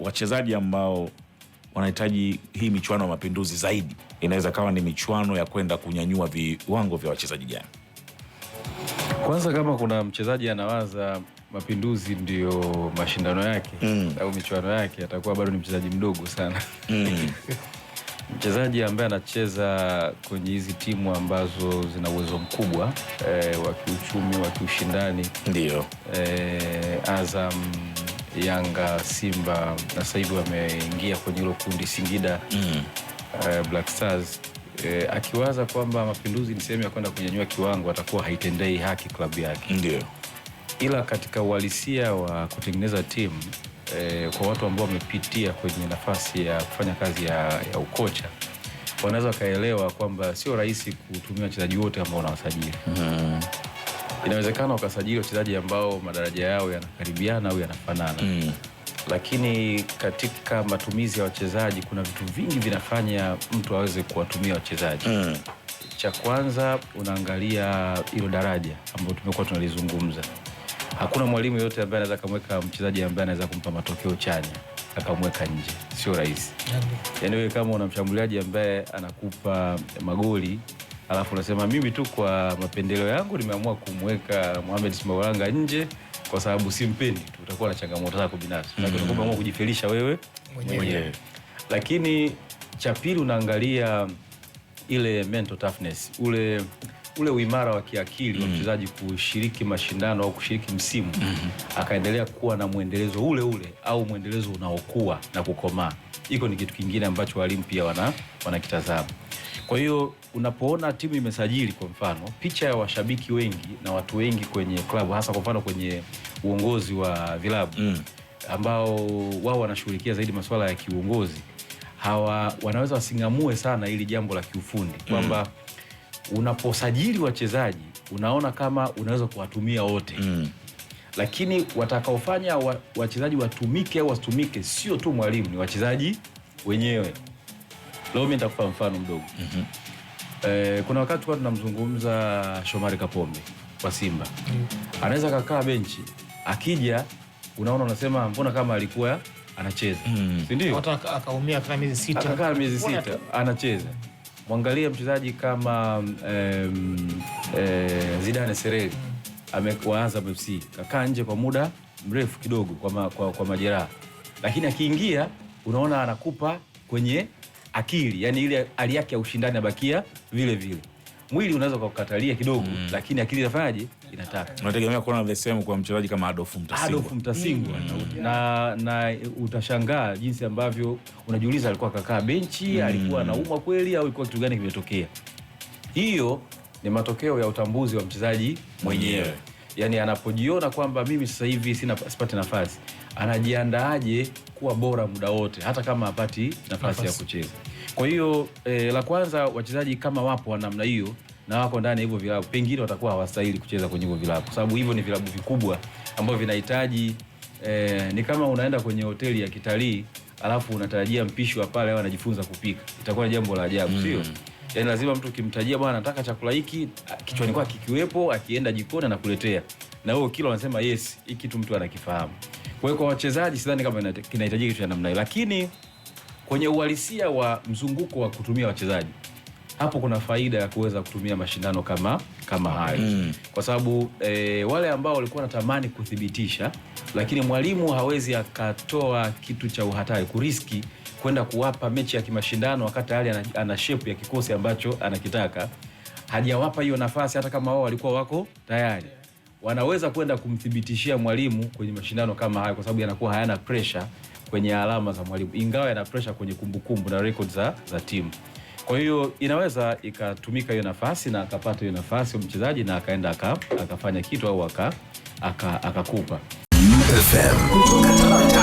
wachezaji ambao wanahitaji hii michuano ya mapinduzi zaidi, inaweza kawa ni michuano ya kwenda kunyanyua viwango vya wachezaji gani? Kwanza, kama kuna mchezaji anawaza mapinduzi ndio mashindano yake mm. au michuano yake, atakuwa bado ni mchezaji mdogo sana mm. mchezaji ambaye anacheza kwenye hizi timu ambazo zina uwezo mkubwa e, wa kiuchumi wa kiushindani, ndio e, Azam Yanga, Simba na sasa hivi wameingia kwenye hilo kundi Singida mm. uh, Black Stars uh, akiwaza kwamba Mapinduzi ni sehemu ya kwenda kunyanyua kiwango, atakuwa haitendei haki klabu yake, ndio. Ila katika uhalisia wa kutengeneza timu e, eh, kwa watu ambao wamepitia kwenye nafasi ya kufanya kazi ya, ya ukocha wanaweza wakaelewa kwamba sio rahisi kutumia wachezaji wote ambao wanawasajili hmm inawezekana ukasajili wachezaji ambao madaraja yao yanakaribiana au yanafanana mm. Lakini katika matumizi ya wachezaji kuna vitu vingi vinafanya mtu aweze kuwatumia wachezaji mm. Cha kwanza unaangalia hilo daraja ambayo tumekuwa tunalizungumza. Hakuna mwalimu yoyote ambaye anaweza akamweka mchezaji ambaye anaweza kumpa matokeo chanya akamweka nje, sio rahisi. Yaani wewe kama una mshambuliaji ambaye anakupa magoli alafu unasema mimi tu kwa mapendeleo yangu nimeamua kumweka Mohamed Simaulanga nje kwa sababu simpendi tu, utakuwa na changamoto zako binafsi mm -hmm. Umeamua kujifelisha wewe mwenyewe, lakini cha pili unaangalia ile mental toughness, ule ule uimara wa kiakili wa mm -hmm. mchezaji kushiriki mashindano au kushiriki msimu mm -hmm. akaendelea kuwa na mwendelezo ule ule au mwendelezo unaokuwa na kukomaa. Iko ni kitu kingine ambacho walimu pia wana wanakitazama. Kwa hiyo unapoona timu imesajili kwa mfano, picha ya washabiki wengi na watu wengi kwenye klabu, hasa kwa mfano kwenye uongozi wa vilabu mm. ambao wao wanashughulikia zaidi masuala ya kiuongozi, hawa wanaweza wasing'amue sana ili jambo la kiufundi mm. kwamba mm. unaposajili wachezaji unaona kama unaweza kuwatumia wote mm. lakini watakaofanya wachezaji watumike au wasitumike sio tu mwalimu, ni wachezaji wenyewe. Leo mimi nitakupa mfano mdogo. mm -hmm. Eh, kuna wakati tulikuwa tunamzungumza Shomari Kapombe wa Simba. mm -hmm. Anaweza kakaa benchi, akija unaona unasema mbona kama alikuwa anacheza. mm -hmm. Si ndio? Akaumia kama miezi sita. Akakaa miezi sita anacheza. Mwangalie mchezaji kama um, eh, Zidane Sereri mhm. amekuwa Azam FC, kakaa nje kwa muda mrefu kidogo kwa, ma, kwa, kwa majeraha, lakini akiingia unaona anakupa kwenye akili, yani ile hali yake ya ushindani abakia vile vile. Mwili unaweza kukatalia kidogo mm. lakini akili inafanyaje? Inataka. Unategemea kuona the same kwa mchezaji kama Adolf Mtasingwa. Adolf Mtasingwa mm. mm. na, na utashangaa jinsi ambavyo unajiuliza alikuwa kakaa benchi mm. alikuwa anaumwa kweli au ilikuwa kitu gani kimetokea? Hiyo ni matokeo ya utambuzi wa mchezaji mwenyewe yani anapojiona kwamba mimi sasa hivi sina sipati nafasi, anajiandaaje kuwa bora muda wote, hata kama hapati nafasi nafasi ya kucheza. Kwa hiyo e, la kwanza wachezaji kama wapo wa namna hiyo na wako ndani ya hivyo vilabu, pengine watakuwa hawastahili kucheza kwenye hivyo vilabu, kwa sababu hivyo ni vilabu vikubwa ambavyo vinahitaji e, ni kama unaenda kwenye hoteli ya kitalii alafu unatarajia mpishi wa pale anajifunza kupika, itakuwa ni jambo la ajabu, mm. sio? Yani lazima mtu ukimtajia, bwana, nataka chakula hiki, kichwani kwake kikiwepo, akienda jikoni anakuletea, na wewe kila unasema yes, hiki kitu mtu anakifahamu. Kwa hiyo kwa wachezaji sidhani kama kinahitajika kitu cha namna hiyo, lakini kwenye uhalisia wa mzunguko wa kutumia wachezaji hapo kuna faida ya kuweza kutumia mashindano kama kama hayo mm. Kwa sababu e, wale ambao walikuwa wanatamani kuthibitisha, lakini mwalimu hawezi akatoa kitu cha uhatari kuriski kwenda kuwapa mechi ya kimashindano wakati tayari ana, ana shape ya kikosi ambacho anakitaka. Hajawapa hiyo nafasi, hata kama wao walikuwa wako tayari. Wanaweza kwenda kumthibitishia mwalimu kwenye mashindano kama hayo, kwa sababu yanakuwa hayana pressure kwenye alama za mwalimu, ingawa yana pressure kwenye kumbukumbu na record za, za timu. Kwa hiyo inaweza ikatumika hiyo nafasi na akapata hiyo nafasi mchezaji na akaenda aka, akafanya kitu au akakupa aka, aka